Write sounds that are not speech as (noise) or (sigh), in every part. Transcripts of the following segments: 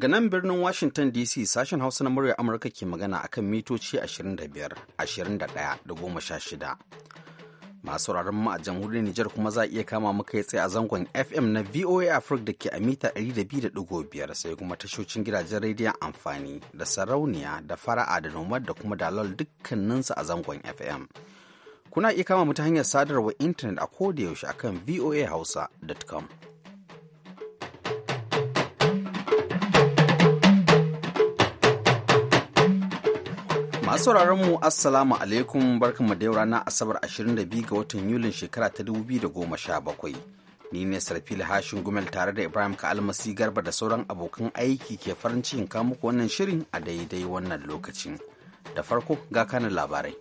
Daga nan birnin Washington DC sashen Hausa na murya Amurka ke magana akan mitoci 25, 21 da 16. Masu sauraron mu a jamhuriyar Nijar kuma za a iya kama muka yi tsaye a zangon FM na VOA Africa da ke a mita 200.5 sai kuma tashocin gidajen rediyon amfani da sarauniya da fara'a da nomad da kuma dalal dukkaninsu a zangon FM. Kuna iya kama mu ta hanyar sadarwar intanet a kodayaushe akan voahausa.com. Masu sauraron mu Assalamu alaikum barkanmu da yau ranar Asabar 22 ga watan Yulin shekara ta 2017. Ni ne Sarfil Hashin Gumel tare da Ibrahim almasi Garba da sauran abokan aiki ke farin cikin muku wannan shirin a daidai wannan lokacin. Da farko ga kanin labarai.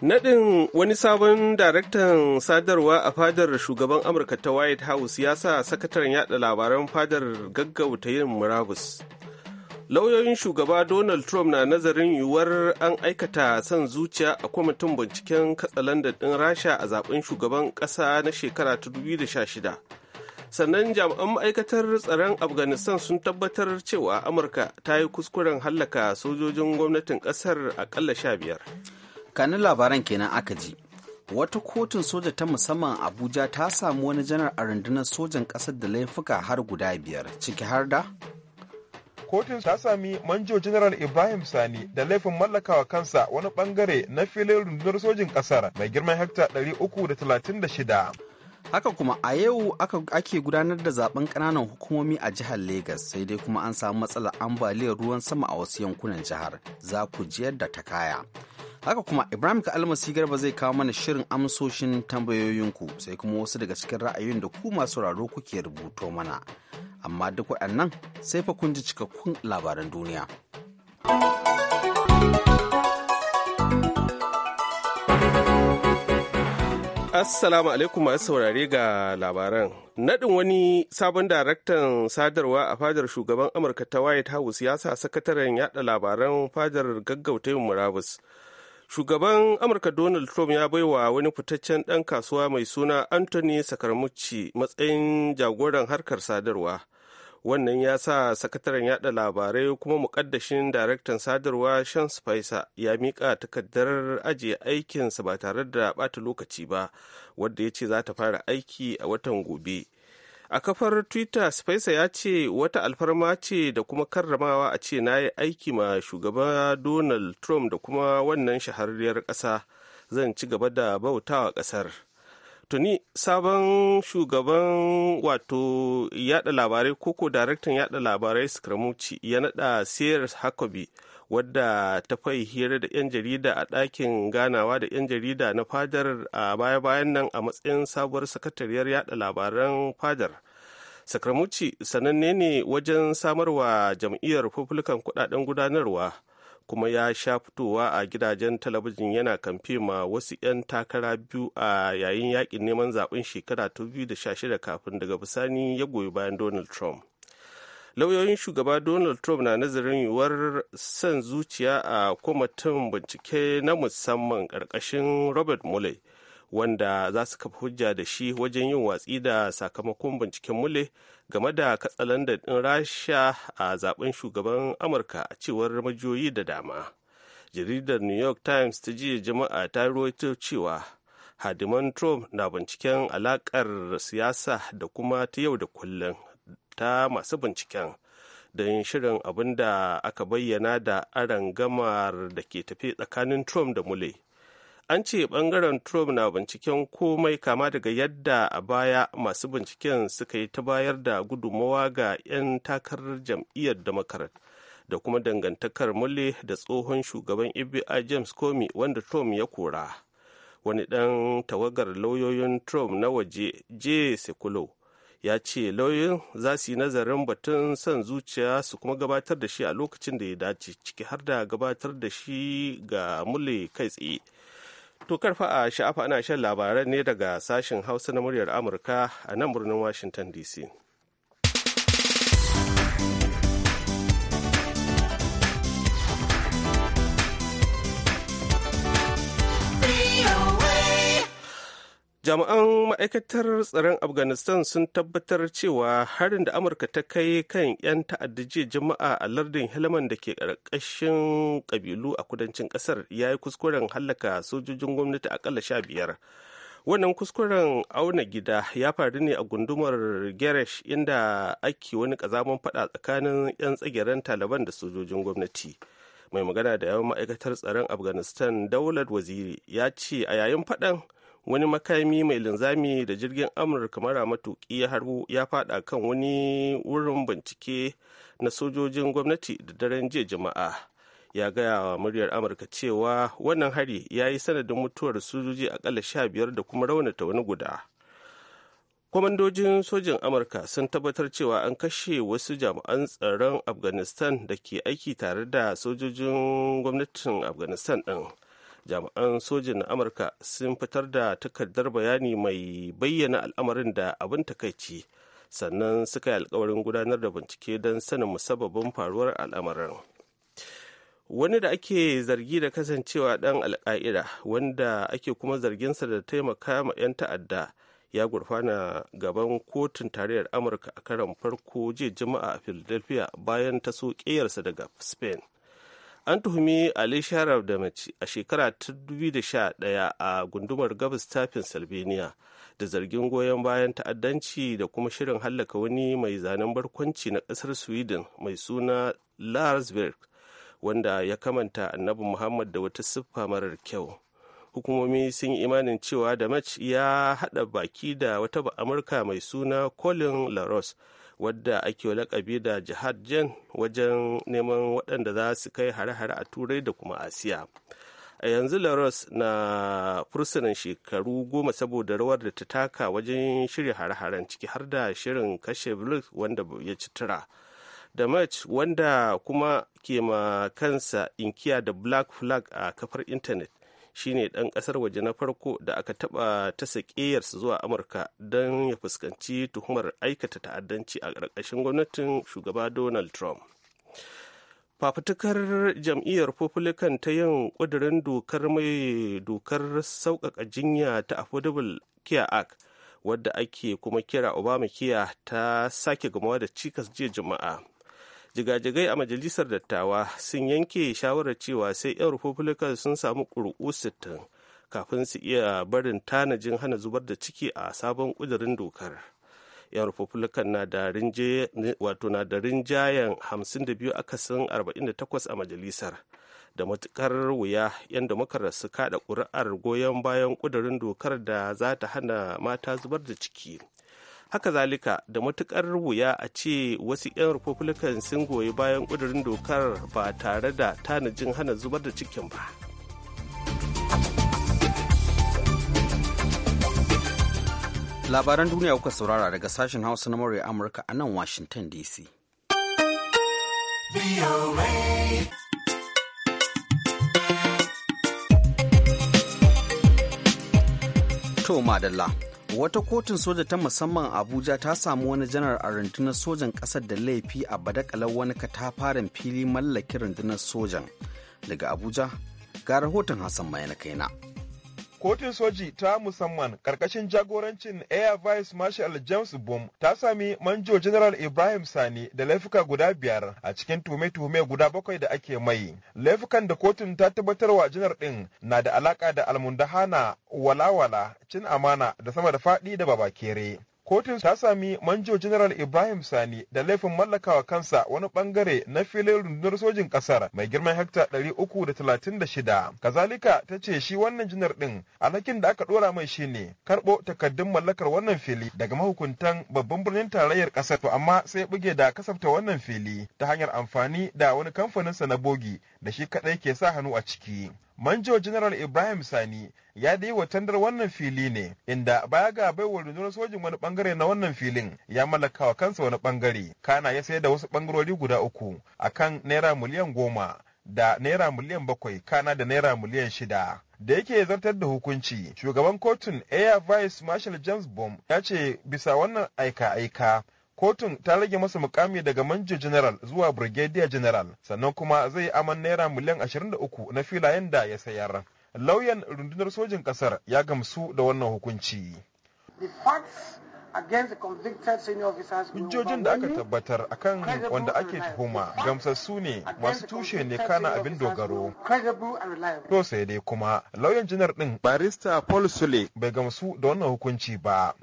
Naɗin wani sabon daraktan sadarwa a fadar shugaban Amurka ta White House ya sa sakataren yada labaran fadar gaggauta yin murabus. lauyoyin shugaba donald trump na nazarin yiwuwar an aikata son zuciya a kwamitin binciken katsalandan ɗin rasha a zaben shugaban ƙasa na shekara ta 2016 sannan jami'an ma'aikatar tsaron afghanistan sun tabbatar cewa amurka ta yi kuskuren hallaka sojojin gwamnatin ƙasar aƙalla sha biyar kanin labaran kenan aka ji wata kotun soja ta musamman abuja ta samu wani janar a rundunar sojan ƙasar da laifuka har guda biyar ciki har da kotun ta sami manjo general ibrahim sani da laifin mallakawa kansa wani bangare na filin rundunar sojin kasar mai girman hekta 336 haka kuma a yau ake gudanar da zaben kananan hukumomi a jihar Legas sai dai kuma an samu matsalar ambaliyar ruwan sama a wasu yankunan jihar za ku jiyar da ta kaya haka kuma ibrahim ka almasi garba zai kawo mana shirin amsoshin tambayoyinku sai kuma wasu daga cikin ra'ayoyin da ku masu raro kuke rubuto mana amma duk waɗannan sai fa kun ji cikakkun labaran duniya. Assalamu alaikum masu saurare ga labaran. Nadin wani sabon daraktan sadarwa a fadar shugaban Amurka ta White House ya sa sakataren yada labaran fadar gaggauta yin murabus. Shugaban Amurka Donald Trump ya baiwa wani fitaccen ɗan kasuwa mai suna Anthony Sakarmucci matsayin jagoran harkar sadarwa. wannan ya sa sakataren yada labarai kuma mukaddashin daraktan sadarwa shan spicer ya mika takardar ajiye aikinsa ba tare da bata lokaci ba wadda ya ce za ta fara aiki a watan gobe a kafar twitter spicer ya ce wata alfarma ce da kuma karramawa a ce na yi aiki ma shugaba donald trump da kuma wannan shahararriyar ƙasa zan ci gaba da bautawa ƙasar tuni sabon shugaban wato yada labarai koko daraktan yada labarai skramuci ya nada sayar hakobi wadda ta fai hira da 'yan jarida a ɗakin ganawa da 'yan jarida na fadar a baya-bayan nan a matsayin sabuwar sakatariyar yada labaran fadar sakramuci sananne ne wajen samarwa jam'iyyar republican kudaden gudanarwa kuma ya sha fitowa a gidajen talabijin yana kamfe ma wasu 'yan takara biyu a yayin yakin neman zaben shekara ta 2016 kafin daga bisani ya goyi bayan donald trump lauyoyin shugaba donald trump na nazarin yiwuwar son zuciya a kwamitin bincike na musamman ƙarƙashin robert mueller wanda za su kafa hujja da shi wajen yin watsi da sakamakon binciken mule game da katsalandan ɗin rasha a zaben shugaban amurka a cewar majiyoyi da dama jaridar new york times ta jiya jama'a ta ruwaito cewa hadiman trump na binciken alakar siyasa da kuma ta yau da kullum ta masu binciken don shirin abin da aka bayyana da gamar da ke tafi tsakanin trump da mule an ce bangaren trump na binciken komai kama daga yadda a baya masu binciken suka yi ta bayar da gudummawa ga 'yan takarar jam'iyyar democrat da kuma dangantakar mulle da tsohon shugaban fbi james comey wanda trump ya kora wani ɗan tawagar lauyoyin trump na waje j sekulo ya ce lauyoyin za su yi nazarin batun son zuciya su kuma gabatar da shi a lokacin da ya dace ciki har da gabatar da shi ga mule kai tsaye To karfa a sha'afa ana shan labaran ne daga sashen Hausa na muryar Amurka a nan birnin Washington DC. jami'an ma'aikatar tsaron afghanistan sun tabbatar cewa harin da amurka ta kai kan 'yan ta'adda jama'a a lardin helman da ke ƙarƙashin ƙabilu a kudancin ƙasar ya yi kuskuren hallaka sojojin gwamnati akalla sha biyar wannan kuskuren auna gida ya faru ne a gundumar geresh inda ake wani ƙazaman faɗa tsakanin 'yan tsageren taliban da sojojin gwamnati. mai magana da yawan ma'aikatar tsaron afghanistan daular waziri ya ce a yayin faɗan wani makami mai linzami da jirgin amurka mara matuki ya harbu ya fada kan wani wurin bincike na sojojin gwamnati da daren jiya jama'a ya gaya wa muryar amurka cewa wannan hari ya yi sanadin mutuwar sojoji akalla sha biyar da kuma raunata wani guda kwamandojin sojin amurka sun tabbatar cewa an kashe wasu jami'an tsaron afghanistan da ke aiki tare da sojojin gwamnatin afghanistan ɗin. jami'an sojin amurka sun fitar da takardar bayani mai bayyana al'amarin da abin takaici sannan suka yi alkawarin gudanar da bincike don sanin musabbabin faruwar al'amarin wani da ake zargi da kasancewa dan alka'ida wanda ake kuma zarginsa da taimaka ma 'yan ta'adda ya gurfana gaban kotun tarayyar amurka a karon farko jiya juma'a a philadelphia bayan ta so daga spain an tuhumi ali sharaf da mace a shekara ta 2011 a gundumar gabas tafin pennsylvania da zargin goyon bayan ta'addanci da kuma shirin hallaka wani mai zanen barkwanci na kasar sweden mai suna larsberg wanda ya kamanta annabi muhammad da wata siffa marar kyau hukumomi sun yi imanin cewa da mace ya haɗa baki da wata ba amurka mai suna colin laros wadda ake lakabi da jihad jan wajen neman waɗanda za su kai hare-hare a turai da kuma asiya a yanzu laros na fursunan shekaru goma saboda rawar da ta taka wajen shirya hare-haren ciki har da shirin kashe blue wanda ya ci tura da match wanda kuma ke ma kansa inkiya da black flag a kafar intanet shine ɗan ƙasar waje na farko da aka taɓa ta sakeyarsa zuwa amurka don ya fuskanci tuhumar aikata ta'addanci a ƙarƙashin gwamnatin shugaba donald trump fafutukar jam'iyyar republican ta yin ƙudurin dokar mai dokar sauƙaƙa jinya ta affordable care act wadda ake kuma kira obama obamacare ta sake gamawa da cikas jiya juma'a jigajigai a majalisar dattawa sun yanke shawarar cewa sai 'yan republican sun samu ƙuri'u 60 kafin su iya barin tanajin hana zubar da ciki a sabon ƙudurin dokar 'yan republican na da rinjayen 52 akasin 48 a majalisar da matukar wuya 'yan damakarar su kada ƙuri'ar goyon bayan ƙudurin dokar da za ta hana mata zubar da ciki haka zalika da matukar wuya a ce wasu 'yan republican sun goyi bayan ƙudurin dokar ba tare da tanajin hana zubar da cikin ba labaran duniya kuka saurara daga sashen hausa na murya amurka a nan washington dc to madalla wata kotun soja ta musamman abuja ta samu wani janar a rundunar sojan kasar da laifi a badakalar wani katafaren fili mallakin rundunar sojan daga abuja ga rahoton hassan mai na kaina Kotun soji ta musamman karkashin jagorancin Air Vice Marshal James Bum ta sami manjo General Ibrahim Sani da laifuka guda biyar a cikin tume-tume guda bakwai da ake mai. Laifukan da kotun ta tabbatarwa janar ɗin na da alaka da almundahana, walawala, cin amana da sama da faɗi da babakere. kotun ta sami manjo general ibrahim sani da laifin mallakawa kansa wani bangare na filin rundunar sojin kasar mai girman hekta 336 kazalika ta ce shi wannan janar din alhakin da aka dora mai shi ne. karbo takaddun mallakar wannan fili daga mahukuntan babban birnin tarayyar kasar to amma sai buge da kasafta wannan fili ta hanyar amfani da wani kamfaninsa na bogi da shi kaɗai ke sa hannu a ciki manjo general ibrahim sani ya yi wa tandar wannan fili ne inda baya ga baiwa rundunar sojin wani bangare na wannan filin ya mallaka wa kansa wani bangare kana ya sayar da wasu bangarori guda uku akan naira miliyan goma da naira miliyan bakwai kana da naira miliyan shida da yake zartar da hukunci shugaban kotun air vice marshal james bom ya ce bisa wannan aika-aika kotun ta rage masa mukami daga manjo general zuwa brigadier general sannan kuma zai yi aman naira miliyan 23 na filayen da ya sayar lauyan rundunar sojin kasar ya gamsu da wannan hukunci Hujjojin da aka tabbatar akan wanda ake tuhuma gamsassu ne masu tushe ne kana abin dogaro. To sai dai kuma lauyan janar din. barista Paul Sule bai gamsu da wannan hukunci ba.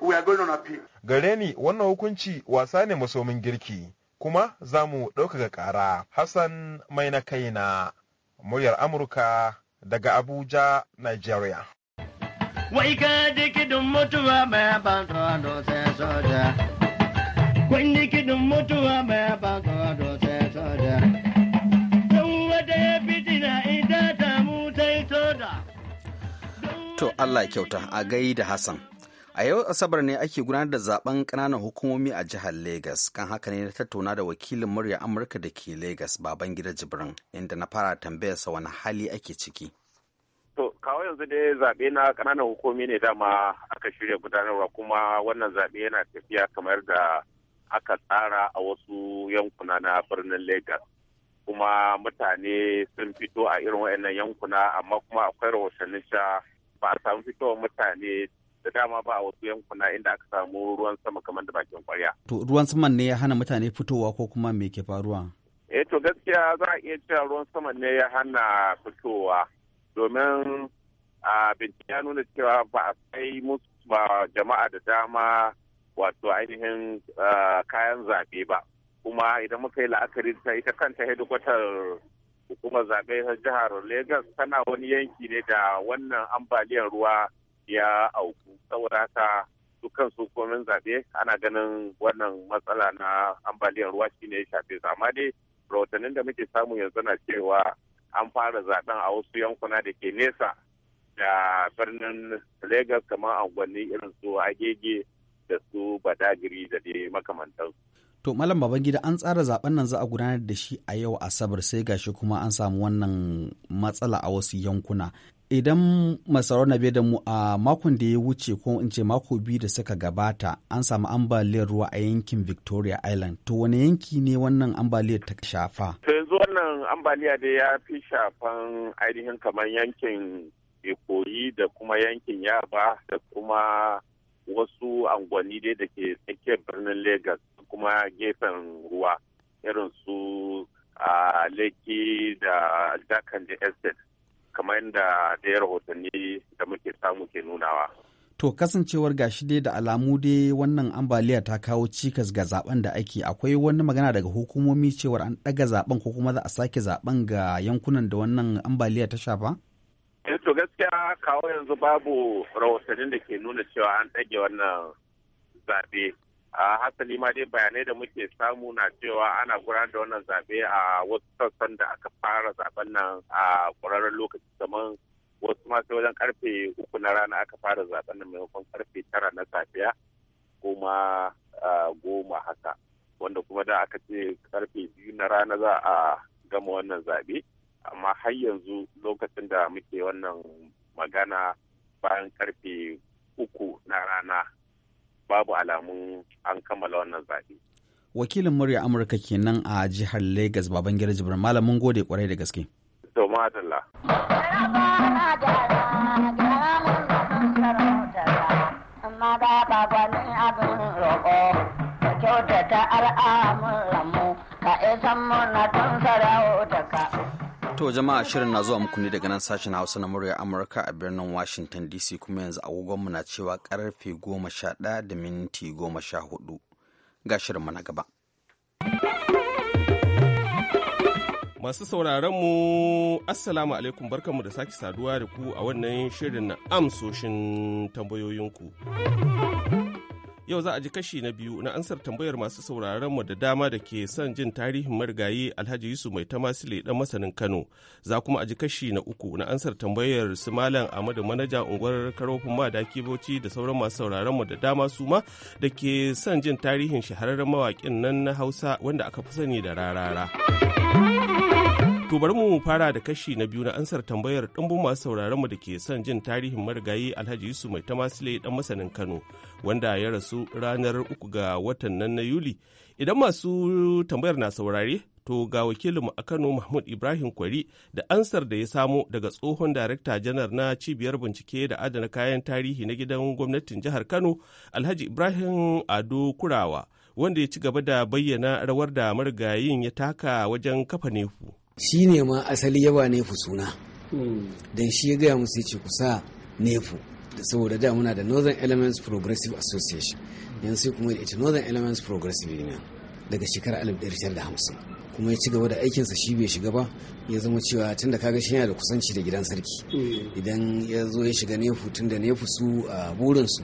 we are going on Gare ni wannan hukunci wasa ne masomin girki kuma za mu ɗaukaka ƙara. Hassan mai na kaina muryar Amurka daga Abuja, Nigeria. Wai ka dikidin mutuwa mai ban sai soja. Kun dikidin mutuwa mai ban sai soja. Don wata ya fitina ita ta mutai soda. To Allah kyauta a gaida Hassan. a yau asabar ne ake gudanar da zaben kananan hukumomi a jihar lagos kan haka ne na tattauna da wakilin murya amurka da ke lagos baban gida jibrin inda na fara tambayarsa wani hali ake ciki to kawo yanzu dai zaɓe na ƙananan hukumomi ne dama aka shirya gudanarwa kuma wannan zaɓe yana tafiya kamar da aka tsara a wasu yankuna na birnin lagos kuma mutane sun fito a irin wayannan yankuna amma kuma akwai rahotannin sha ba a samu fitowar mutane da dama ba a wasu yankuna inda aka samu ruwan sama kamar da bakin kwarya. To ruwan saman ne ya hana mutane fitowa ko kuma me ke faruwa? Eh to gaskiya za a iya cewa ruwan saman ne ya hana fitowa domin a bincike ya nuna cewa ba a sai musu ba jama'a da dama wato ainihin kayan zaɓe ba kuma idan muka yi la'akari ta ita kanta hedikwatar hukumar zaɓe ta jihar Legas tana wani yanki ne da wannan ambaliyar ruwa ya auku saboda haka dukkan su komin zaɓe ana ganin wannan matsala na ambaliyar ruwa shine ya shafe su amma dai rahotannin da muke samu yanzu na cewa an fara zaɓen a wasu yankuna da ke nesa da birnin lagos kamar angwanni irin su Agege da su Badagiri da dai makamantan. To Malam Babangida an tsara zaben nan za a gudanar da shi a yau Asabar sai gashi kuma an samu wannan matsala a wasu yankuna. idan masarau na da mu a makon da ya wuce ko in ce mako biyu da suka gabata an samu ambaliyar ruwa a yankin victoria island to wani yanki ne wannan ambaliyar ta shafa yanzu wannan ambaliya da ya fi shafan ainihin kamar yankin ikoyi da kuma yankin yaba da kuma wasu angwani dai da ke tsakiyar birnin lagos kuma gefen ruwa irin su a ah, leki da dakan da estate kamar yadda da ya rahotanni da muke samu ke nunawa. To kasancewar gashi dai da alamu dai wannan ambaliya ta kawo cikas ga zaben da ake akwai wani magana daga hukumomi cewar an ɗaga zaben ko kuma za a sake zaben ga yankunan da wannan ambaliya ta shafa? Eh, to gaskiya kawo yanzu babu rahotannin da ke nuna cewa an ɗage wannan zaɓe a hasali ma dai bayanai da muke samu na cewa ana gudanar da wannan zaɓe a wasu sassan da aka fara zaben nan a ƙwararren lokaci kamar wasu ma sai wajen karfe uku na rana aka fara zaben nan maimakon karfe tara na safiya kuma goma haka wanda kuma da aka ce karfe biyu na rana za a gama wannan zaɓe amma har yanzu lokacin da muke wannan magana bayan karfe uku na rana babu alamun an kammala wannan zaɓe. Wakilin murya Amurka kenan a jihar Legas Babangida Jibril Malam mun gode kwarai da gaske. Domin Adalla. Amma ba ba abin roƙo, kyautata al'amuranmu, ka isan mu na To jama'a shirin na zuwa muku ne daga nan sashen Hausa na murya Amurka a birnin Washington DC kuma yanzu agogon mu na cewa karfe goma sha ɗaya da minti goma sha hudu ga shirinmu na gaba. Masu sauraron mu Assalamu alaikum barkanmu da sake saduwa da ku a wannan shirin na amsoshin tambayoyinku. Yau za a ji kashi na biyu na ansar tambayar masu sauraron mu da dama da ke son jin tarihin marigayi Alhaji Yusuf Mai Tamasile dan masanin Kano. Za kuma a ji kashi na uku na ansar tambayar su Malam Ahmadu Manajan unguwar Karofin Madaki Bauchi da sauran masu sauraron mu da dama su ma da ke son jin tarihin shahararren mawaƙin nan na Hausa wanda aka fi sani da rarara. To bari mu fara da kashi na biyu na ansar tambayar ɗumbu masu sauraron mu da ke son jin tarihin marigayi Alhaji Yusuf Mai Tamasile dan masanin Kano wanda ya rasu ranar uku ga watan nan na Yuli. Idan masu tambayar na saurare to ga wakilinmu a Kano Mahmud Ibrahim Kwari da ansar da ya samo daga tsohon darakta janar na cibiyar bincike da adana kayan tarihi na gidan gwamnatin jihar Kano Alhaji Ibrahim Ado Kurawa wanda ya ci gaba da bayyana rawar da marigayin ya taka wajen kafa nefu. shi ne ma asali yawa nefu suna hmm. don shi ya gaya musu ce ku sa nefu saboda da muna da northern elements progressive association yanzu sai kuma ita northern elements progressive union daga shekarar 1950 kuma ya ci gaba da aikinsa shi bai shiga ba ya zama cewa tun da kaga shi yana da kusanci da gidan sarki hmm. idan ya zo ya shiga nefu tun da nefu su a burinsu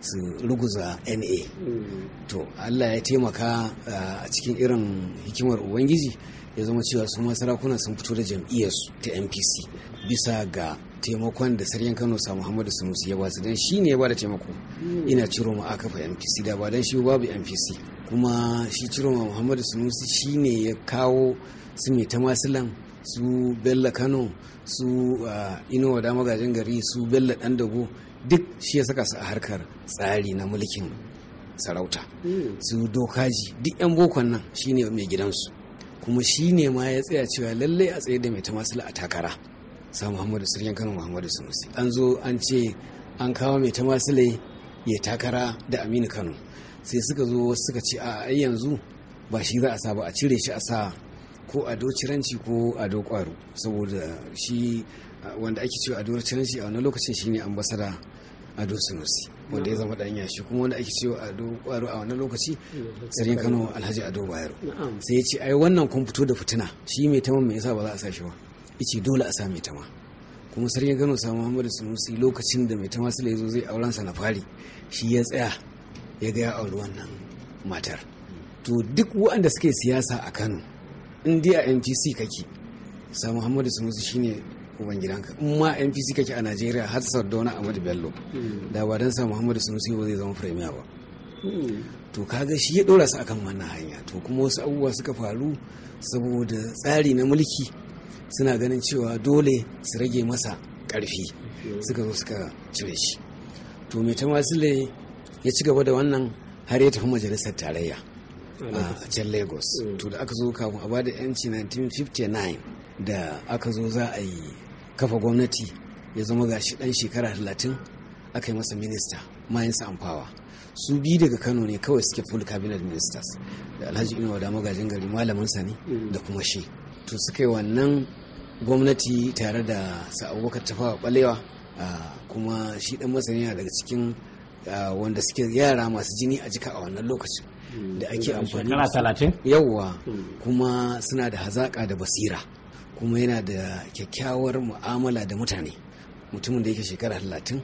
su ruguza na hmm. to allah ya taimaka a cikin irin hikimar ubangiji ya zama cewa su ma sarakuna sun fito da jam'iyyarsu ta npc bisa ga taimakon da sarkin kano sa muhammadu sanusi ya ba su don shi ne ya ba taimako ina ciro ma aka fa npc da ba don shi babu npc kuma shi ciro ma muhammadu sanusi shi ne ya kawo su mai ta su bello kano su ah, inuwa da magajin gari su bello dan dago duk shi ya saka su a harkar tsari na mulkin sarauta hmm. su dokaji duk yan bokon nan shine mai gidansu kuma shi ne ma ya tsaya cewa lallai a tsaye da mai tamasila a takara sa muhammadu sirriyan kano muhammadu sunusi an zo an ce an kawo mai tamasila ya takara da aminu kano sai suka zo suka ce a yanzu ba shi za a sa ba a cire shi a sa ko a ciranci ko a kwaro saboda shi wanda ake cewa a ciranci a wani lokacin ne ambasada a dosunusi wanda ya zama dan yashi kuma wanda ake cewa ado kwaro a wannan lokaci sarkin kano alhaji ado bayero sai ya ce ai wannan kun fito da fitina shi mai tama mai yasa ba za a sa shi ba ice dole a sa mai tama kuma sarki kano sa muhammadu sunusi lokacin da mai tama sula ya zo zai auren sa na fari shi ya tsaya ya ga ya auri wannan matar to duk waɗanda suke siyasa a kano in dai a mpc kake sa muhammadu sunusi shine uban gidanka in ma kake a najeriya har sardauna ahmadu bello hmm. da ba don sa muhammadu sunusi ba zai zama firamiya ba hmm. to kaga shi ya dora su akan wannan hanya to kuma wasu abubuwa suka faru saboda tsari na mulki suna ganin cewa dole su rage masa karfi hmm. suka zo suka cire shi to mai tamasile ya ci gaba da wannan har ya tafi majalisar tarayya a can lagos to da aka zo kafin a bada yanci 1959 da aka zo za a yi kafa gwamnati ya zama ga shi dan shekara talatin aka yi masa minista mayan amfawa su bi daga kano ne kawai suke full cabinet ministers da alhaji inuwa da magajin gari malamin sa ne mm. da kuma shi to suka yi wannan gwamnati tare da sa'abubakar tafawa balewa kuma shi dan masani daga cikin wanda suke yara masu jini a jika a wannan lokacin mm. da ake amfani yawwa mm. kuma suna da hazaka da basira kuma yana da kyakkyawar mu'amala da mutane mutumin da yake shekara talatin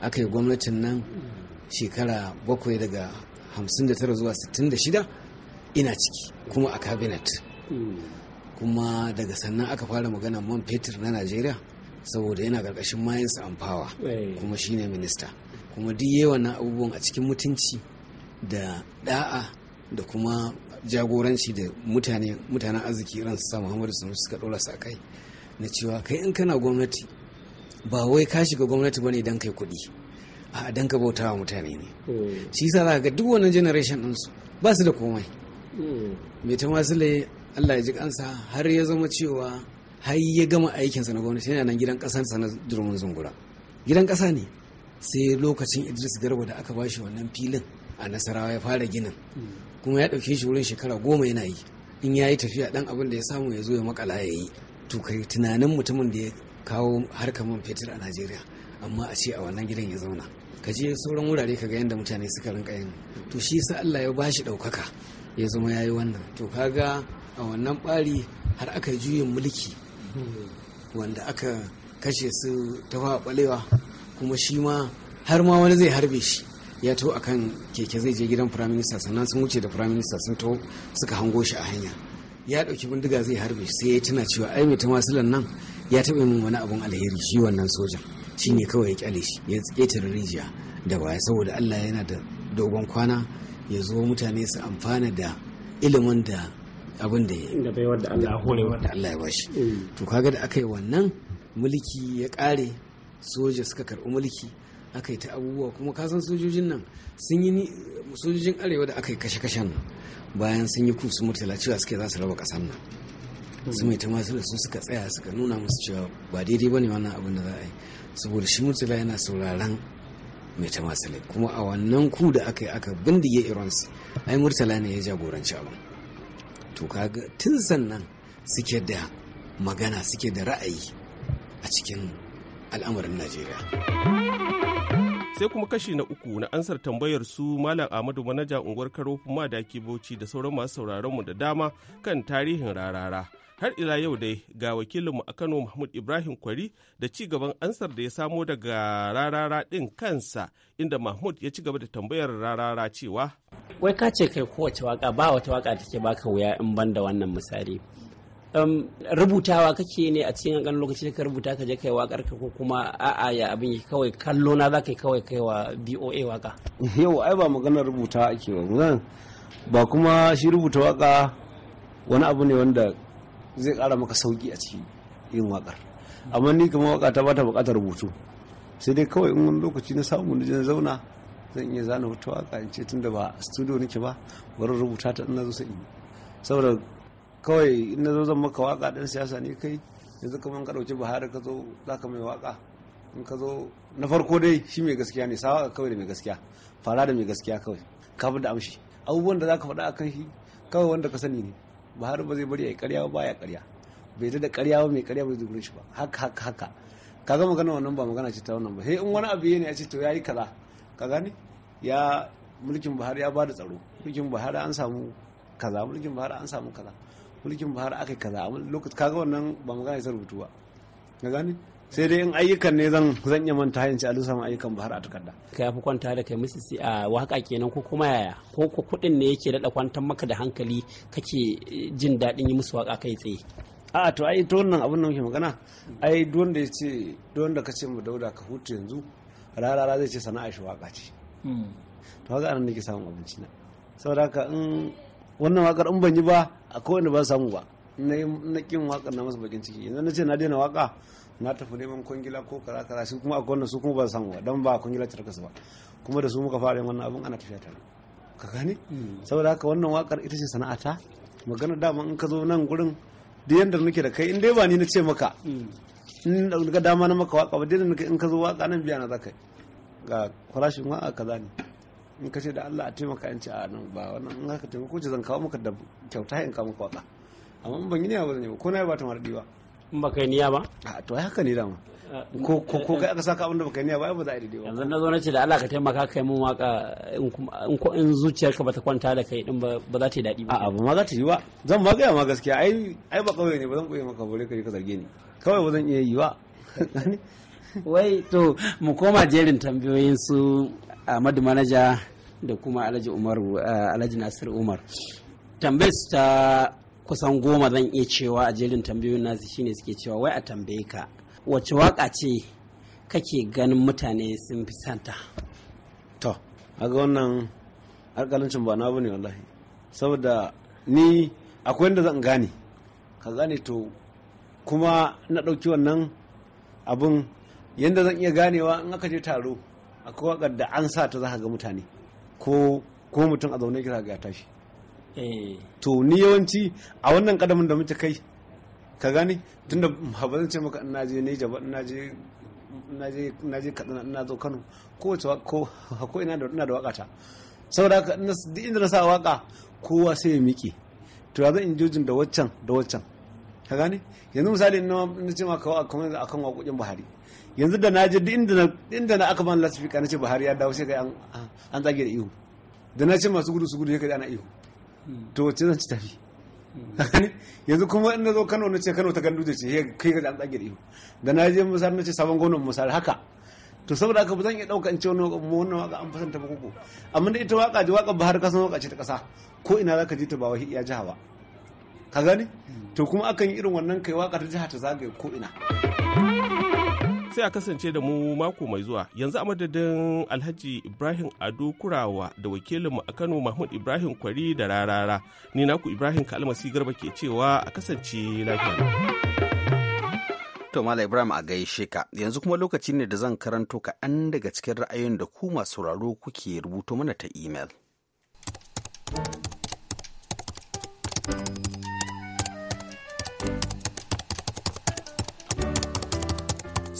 aka yi gwamnatin nan shekara bakwai daga 59 zuwa shida ina ciki kuma a cabinet kuma daga sannan aka fara magana man fetur na najeriya saboda yana karkashin mayan su amfawa. Eh. kuma shine minista kuma duk yawan abubuwan a cikin mutunci da da'a da kuma jagoranci da mutane mutanen arziki ran su sa muhammadu sanu suka ɗora su kai na cewa kai in kana gwamnati ba wai ka shiga gwamnati bane dan kai kuɗi a dan ka bauta wa mutane ne hmm. shi yasa za ga duk wannan generation din su ba su da komai hmm. mai ta lai Allah ya ji kansa har ya zama cewa har ya gama aikinsa na gwamnati yana nan gidan sa na durumin zungura gidan kasa ne sai lokacin Idris Garba da aka bashi wannan filin a nasarawa ya fara ginin kuma ya ɗauke shi wurin shekara goma yana yi in ya yi tafiya ɗan abin da ya samu ya zo ya makala ya yi to tunanin mutumin da ya kawo harkar man fetur a najeriya amma a ce a wannan gidan ya zauna ka je sauran wurare ka ga yadda mutane suka rinka yin to shi sa allah ya bashi ɗaukaka ya zama ya yi wannan to kaga a wannan ɓari har aka juyin mulki wanda aka kashe su ta balewa kuma shi ma har ma wani zai harbe shi ya taho akan keke zai je gidan firaminista sannan sun wuce da minister sun taho suka hango shi a hanya ya ɗauki bindiga zai harbe sai ya tuna cewa ai mai tamasilan nan ya taba min wani abun alheri shi wannan sojan shine kawai ya kyale shi ya ƙetare rijiya da baya saboda Allah yana da dogon kwana ya zo mutane su amfana da ilimin da abin da ya Allah Allah ya bashi mm. to kaga da aka yi wannan mulki ya kare soja suka karɓi mulki aka yi ta abubuwa kuma kasan sojojin nan sun yi sojojin arewa da aka yi kashe-kashen nan bayan sun yi kusu murtala cewa suke za su raba kasan nan su mai tamasu da su suka tsaya suka nuna musu cewa ba daidai ba ne wannan abin da za a yi saboda shi murtala yana sauraron mai tamasu kuma a wannan ku da aka yi aka bindige irons ai murtala ne ya jagoranci abin to kaga tun sannan suke da magana suke da ra'ayi a cikin al'amarin najeriya sai kuma kashi na uku na ansar tambayar su malam ahmadu manaja unguwar karofin madaki bauchi da sauran masu sauraron mu da dama kan tarihin rarara har ila yau dai ga wakilinmu a kano mahmud ibrahim kwari da ci gaban ansar da ya samo daga rarara din kansa inda mahmud ya ci gaba da tambayar rarara cewa wai ka ce kai kowace waka ba wata waka take baka wuya in ban da wannan misali rubutawa kake ne a cikin ƙan lokaci ka rubuta ka je kai waƙar ka ko kuma a'a ya abin yi kawai kallo na za ka kawai kai wa BOA waka (laughs) yau ai ba maganar rubutawa ake ba ba kuma shi rubuta waka wani abu ne wanda zai ƙara maka sauki a cikin yin waƙar amma ni kuma waka ta bata buƙatar rubutu sai dai kawai in wani lokaci na samu na zauna zan iya zana wata waka in ce tunda ba studio nake ba bari rubuta ta ina zo sai saboda kawai in na zo zan maka waka dan siyasa ne kai yanzu kamar ka dauki buhari ka zo za ka mai waka in ka zo na farko dai shi mai gaskiya ne sawa kawai da mai gaskiya fara da mai gaskiya kawai ka da amshi abubuwan da za ka faɗa akan shi kawai wanda ka sani ne buhari ba zai bari ya yi karya ba ya karya bai da karya ba mai karya ba zai gurin shi ba haka haka haka ka ga magana wannan ba magana ce ta wannan ba sai in wani abu ne ya ce to yi kaza ka gane ya mulkin buhari ya ba da tsaro mulkin buhari an samu kaza mulkin buhari an samu kaza mulkin bahar aka kaza amma lokaci kaga wannan ba mu gane rubutu ba ka gani sai dai in ayyukan ne zan zan iya manta ci a lissamin ayyukan bahar a takarda ka yafi kwanta da kai misis a waka kenan ko kuma yaya ko ko kudin ne yake dada kwantar maka da hankali kake eh, jin daɗin yi musu waka kai tsaye a to ai to wannan abin da muke magana ai duk wanda yace duk wanda kace mu dauda ka hutu yanzu rarara zai ce sana'a shi waka ce hmm. to haka anan nake samun abinci na saboda haka in wannan wakar in ban yi ba akwai da ba samu ba na kin wakar na masa bakin ciki idan na ce na daina waka na tafi neman kwangila ko kara kara shi kuma akwai wanda su kuma ba samu ba dan ba kwangila tarkas ba kuma da su muka fara yin wannan abun ana tafiya tare ka gane hmm. saboda haka wannan wakar ita ce sana'ata magana dama in ka zo nan gurin da yanda nake da kai in dai ba ni na ce maka hmm. in daga dama na maka waka ba dai in ka zo waka nan biya na zakai ga farashin waka kaza ne in ka ce da Allah a taimaka in ci a nan ba wannan in haka taimako ce zan kawo maka da kyauta in kawo maka waka amma ban yi niyya ba zan yi ba ko na yi ba ta mara ba in ba yi niyya ba a to ai haka ne dama ko ko ko kai aka saka abinda baka niyya ba ba za a daidai ba yanzu na zo na ce da Allah ka taimaka kai mun waka in ko in ba bata kwanta da kai din ba za ta yi daɗi ba a'a ba ma za ta yi ba zan ma gaya ma gaskiya ai ai ba kawai ne ba zan koyi maka bare ka ka zarge ni kawai ba zan iya yi ba (laughs) wai to mu koma jerin tambayoyin su Ahmadu Manaja da kuma Alhaji Umar eh, Alhaji Nasir Umar. Tambayar ta kusan goma zan iya cewa a jerin tambayoyin nasu shine suke cewa wai a tambaye ka wace waka ce kake ganin mutane sun fi santa. To, ga wannan alƙalancin ba na bane wallahi. Saboda ni akwai inda zan gane. Ka gane to kuma na ɗauki wannan abin yadda zan iya ganewa in aka je taro akwai wakar da an sa ta za ga mutane ko ko mutum a zaune kira ga tashi eh. to ni yawanci a wannan kadamin da muke kai ka gani tunda ba zan ce maka ina je ne jaba ina je na je ina zo kano ko ina da ina da wakata saboda haka duk inda na sa waka kowa sai ya miƙe to ya zan in jojin da waccan da waccan ka gani yanzu misali na ce maka a kan waƙoƙin buhari yanzu da na je duk inda na aka ban lasifika na ce buhari ya dawo sai yi an tsage da ihu da na ce masu gudu su gudu ya kai ana ihu to wacce zan ci tafi (laughs) yanzu kuma in na zo kano na ce kano ta gandu da ce kai kai an tsage da ihu da na je misali na ce sabon gwamnan misali haka to saboda haka ba zan iya ɗauka in ce wannan waka an fasanta ba koko amma da ita waka ji waka buhari kasan waka ce ta ƙasa ko ina za ka ji ta ba wai iya jiha ba ka gani to kuma akan yi irin wannan kai waka ta jiha ta zagaye ko ina. sai a kasance da mu mako mai zuwa yanzu a madadin alhaji ibrahim ado kurawa da wakilinmu a kano mahmud ibrahim kwari da rarara ni naku ibrahim kalmasi garba ke cewa a kasance lafiya to mala ibrahim a gaishe ka yanzu kuma lokaci ne da zan karanto kaɗan daga cikin ra'ayoyin da ku masu sauraro kuke rubuto mana ta imel.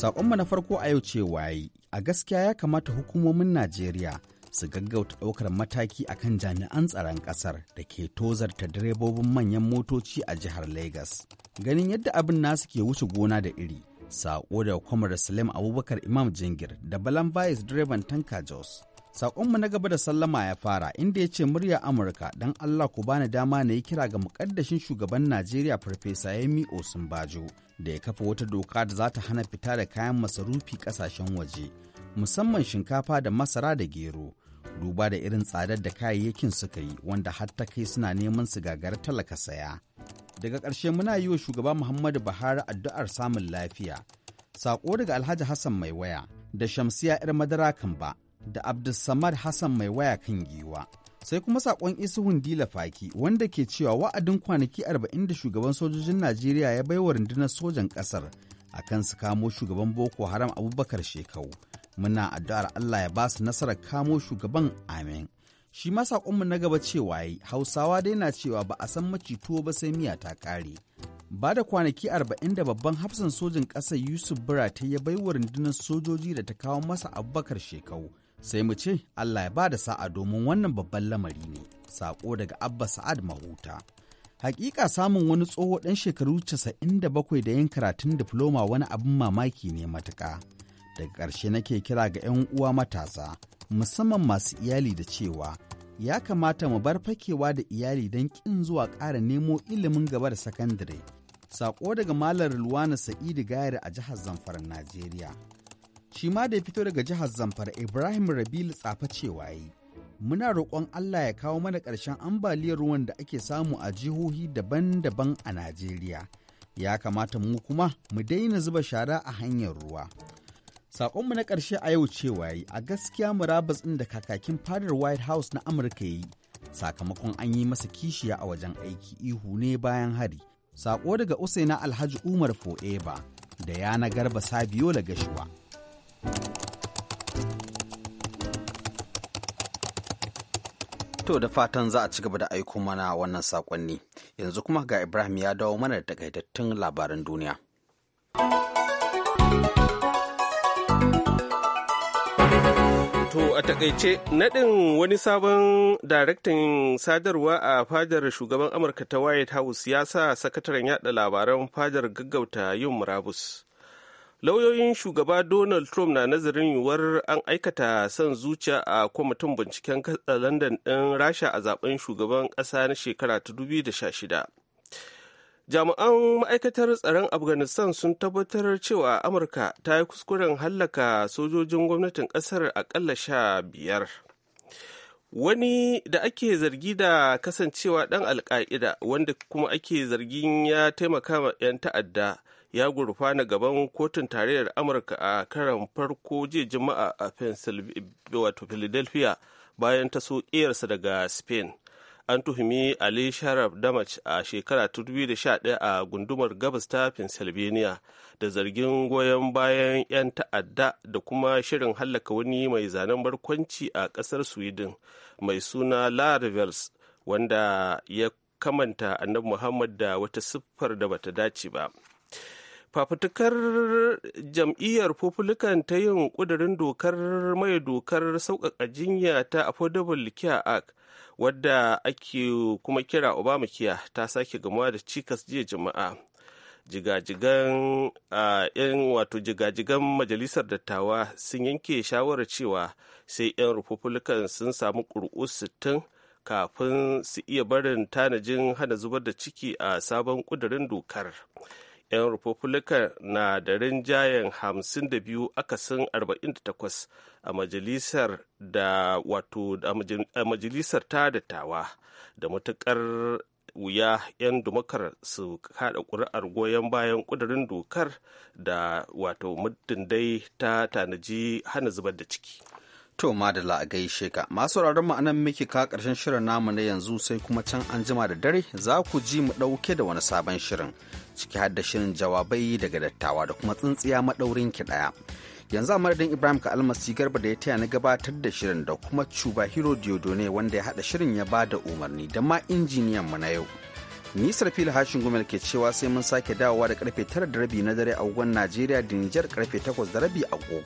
Saƙonmu na farko a yau ce waye, a gaskiya ya kamata hukumomin Najeriya su gaggauta ɗaukar mataki akan jami'an tsaron ƙasar da ke tozarta direbobin manyan motoci a jihar Legas. Ganin yadda abin nasu ke wuce gona da iri, saƙo da kwamar Salim Abubakar Imam Jingir da Balan Bayes direban Tanka Jos. Saƙonmu na gaba da sallama ya fara inda ya ce murya Amurka don Allah ku bani dama na yi kira ga Muƙaddashin shugaban Najeriya Farfesa Yemi Osinbajo da ya kafa wata doka da za ta hana fita da kayan masarufi ƙasashen waje musamman shinkafa da masara da gero duba da irin tsadar da kayayyakin suka yi wanda har ta kai suna neman su gagar talaka saya. Daga ƙarshe muna yi wa shugaba Muhammadu Buhari addu'ar samun lafiya. Saƙo daga Alhaji Hassan mai waya da Shamsiya 'yar madara kan ba da Abdulsamad Hassan mai waya kan giwa. Sai kuma saƙon Isuhun Dila Faki wanda ke cewa wa'adin kwanaki arba'in da shugaban sojojin Najeriya ya bai wa rundunar sojan ƙasar a kan su kamo shugaban Boko Haram Abubakar Shekau. Muna addu'ar Allah ya ba su nasarar kamo shugaban Amin. Shi ma saƙonmu na gaba cewa yi Hausawa dai na cewa ba a san maci tuwo ba sai miya ta kare ba da kwanaki arba'in da babban hafsan sojin ƙasar yusuf burate ya bai wa rundunar sojoji da ta kawo masa abubakar shekau sai mu ce Allah ya ba da sa'a domin wannan babban lamari ne, saƙo daga Abba Sa'ad Mahuta. Hakika samun wani tsoho ɗan shekaru 97 da yin karatun difloma wani abin mamaki ne matuƙa. Daga ƙarshe nake kira ga 'yan uwa matasa, musamman masu iyali da cewa ya kamata mu bar fakewa da iyali don ƙin zuwa ƙara nemo ilimin gaba da sakandare. Saƙo daga Malam Luwana Sa'idu Gayar a jihar Zamfara, Najeriya. shi ma da ya fito daga jihar zamfara ibrahim rabil tsafa cewa yi muna roƙon allah ya kawo mana ƙarshen ambaliyar ruwan da ake samu a jihohi daban-daban a najeriya ya kamata mu kuma mu daina zuba shara a hanyar ruwa Saƙonmu na ƙarshe a yau cewa yi a gaskiya Rabas ɗin da kakakin fadar white house na amurka yi sakamakon an yi masa kishiya a wajen aiki ihu ne bayan hari Saƙo daga usaina alhaji umar fo'eba da yana garba sabiyo la gashuwa To da fatan za a ci gaba da aiko mana wannan sakonni Yanzu kuma ga Ibrahim ya dawo mana da takaitattun labaran duniya. To a takaice naɗin wani sabon daraktan sadarwa a fadar shugaban Amurka ta White House ya sa sakataren yada labaran fadar gaggauta yin murabus. lauyoyin shugaba donald trump na nazarin yiwuwar an aikata son zuciya a kwamitin binciken london ɗin rasha a zaben shugaban ƙasa na shekara ta 2016 jami'an ma'aikatar tsaron afghanistan sun tabbatar cewa amurka ta yi kuskuren hallaka sojojin gwamnatin ƙasar aƙalla sha biyar wani da ake zargi da kasancewa ɗan alka'ida wanda kuma ake zargin ya taimaka 'yan ta'adda ya gurfana gaban kotun tarayyar amurka a karan farko jiya juma'a a philadelphia bayan ta so ƙiyarsa daga spain an tuhumi ali sharaf damach a shekara 2011 a gundumar gabas ta pennsylvania da zargin goyon bayan 'yan ta'adda da kuma shirin hallaka wani mai zanen barkwanci a kasar sweden mai suna larivers wanda ya kamanta annabi muhammad da wata siffar da bata dace ba fafutukar jam'iyyar populikan ta yin ƙudirin dokar mai dokar sauƙaƙa jinya ta affordable care act wadda ake kuma kira obamacare ta sake gamuwa da cikas jiya jama'a jigajigan yan wato jigajigan majalisar dattawa sun yanke shawarar cewa sai 'yan republican sun samu ƙuri'u 60 kafin su iya barin tanajin hana zubar da ciki a sabon ƙudirin dokar. 'yan republican na da rinjayen 52 akasin 48 a majalisar da wato a majalisar ta dattawa da matukar wuya 'yan dumakar su kada kuri'ar goyon bayan kudurin dokar da wato muddin dai ta tanaji hana zubar da ciki To la a gaishe ka masu mu anan miki ka karshen shirin namu na yanzu sai kuma can an jima da dare za ku ji mu ɗauke da wani sabon shirin ciki har da shirin jawabai daga dattawa da kuma tsintsiya maɗaurin ki ɗaya. Yanzu a madadin Ibrahim ka almasi garba da ya taya na gabatar da shirin da kuma Cuba hero Diodone wanda ya haɗa shirin ya ba da umarni da ma injiniyan mu na yau. Nisar fili hashin gumel ke cewa sai mun sake dawowa da karfe tara da rabi na dare a Najeriya da Nijar karfe takwas da rabi a